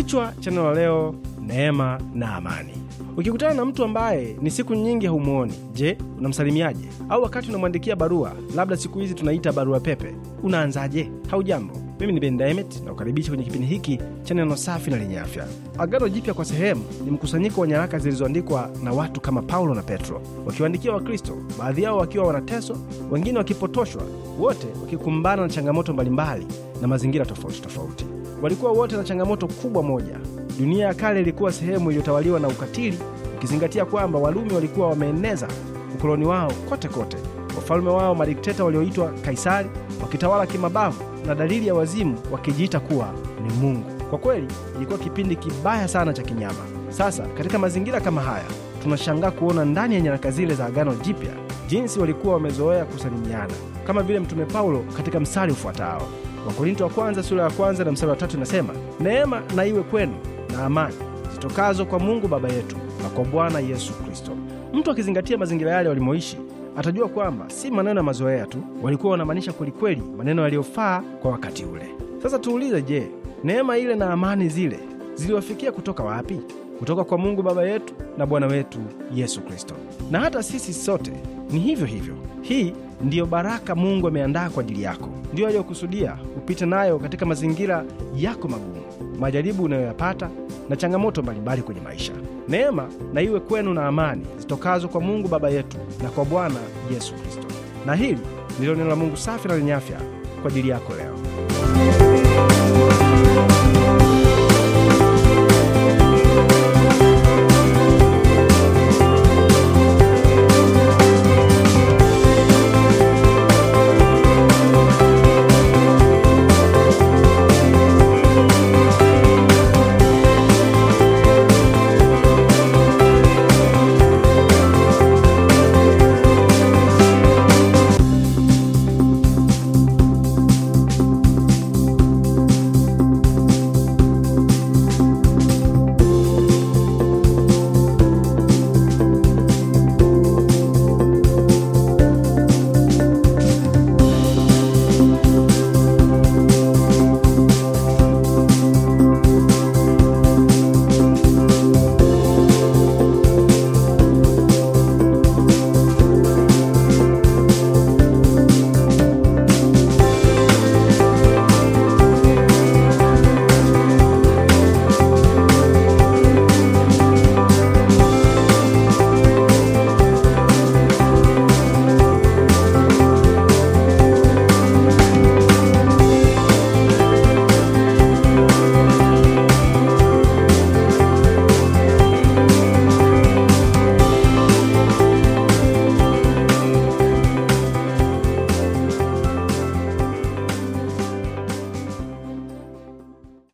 Kichwa cha neno la leo, neema na amani. Ukikutana na mtu ambaye ni siku nyingi haumwoni je, unamsalimiaje? Au wakati unamwandikia barua, labda siku hizi tunaita barua pepe, unaanzaje? Haujambo, mimi ni Ben na kukaribisha kwenye kipindi hiki cha neno safi na lenye afya. Agano Jipya kwa sehemu ni mkusanyiko wa nyaraka zilizoandikwa na watu kama Paulo na Petro wakiwaandikia Wakristo, baadhi yao wakiwa wanateswa, wengine wakipotoshwa, wote wakikumbana na changamoto mbalimbali na mazingira tofauti tofauti. Walikuwa wote na changamoto kubwa moja. Dunia ya kale ilikuwa sehemu iliyotawaliwa na ukatili, ukizingatia kwamba Walumi walikuwa wameeneza ukoloni wao kote kote, wafalume wao madikteta walioitwa Kaisari wakitawala kimabavu na dalili ya wazimu wakijiita kuwa ni Mungu. Kwa kweli ilikuwa kipindi kibaya sana cha kinyama. Sasa katika mazingira kama haya, tunashangaa kuona ndani ya nyaraka zile za Agano Jipya jinsi walikuwa wamezoea kusalimiana, kama vile Mtume Paulo katika msali ufuatao, Wakorinto wa kwanza sura ya kwanza na msali wa tatu inasema, neema na iwe kwenu na amani zitokazo kwa Mungu Baba yetu na kwa Bwana Yesu Kristo. Mtu akizingatia mazingira yale walimoishi atajua kwamba si maneno ya mazoea tu, walikuwa wanamaanisha kwelikweli maneno yaliyofaa kwa wakati ule. Sasa tuulize, je, neema ile na amani zile ziliwafikia kutoka wapi? Kutoka kwa Mungu Baba yetu na Bwana wetu Yesu Kristo. Na hata sisi sote ni hivyo hivyo. Hii ndiyo baraka Mungu ameandaa kwa ajili yako, ndiyo aliyokusudia upite nayo katika mazingira yako magumu, majaribu unayoyapata na changamoto mbalimbali kwenye maisha. Neema na iwe kwenu na amani zitokazo kwa Mungu Baba yetu na kwa Bwana Yesu Kristo. Na hili ndilo neno la Mungu safi na lenye afya kwa ajili yako leo.